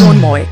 Sohn Moy.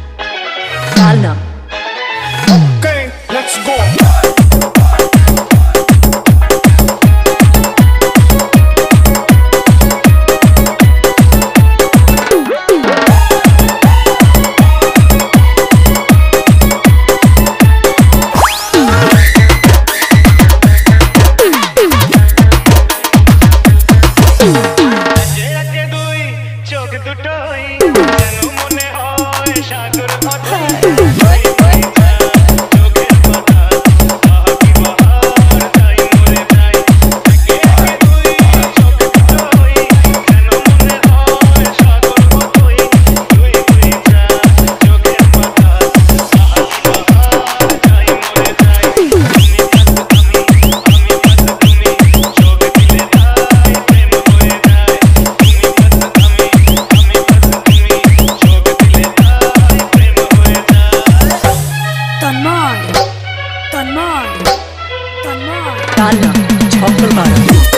मारना छक्कड़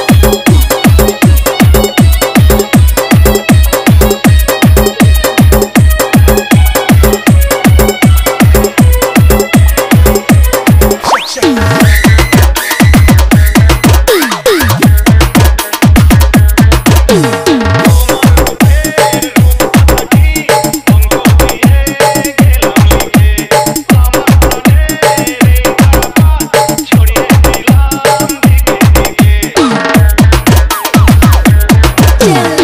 Yeah.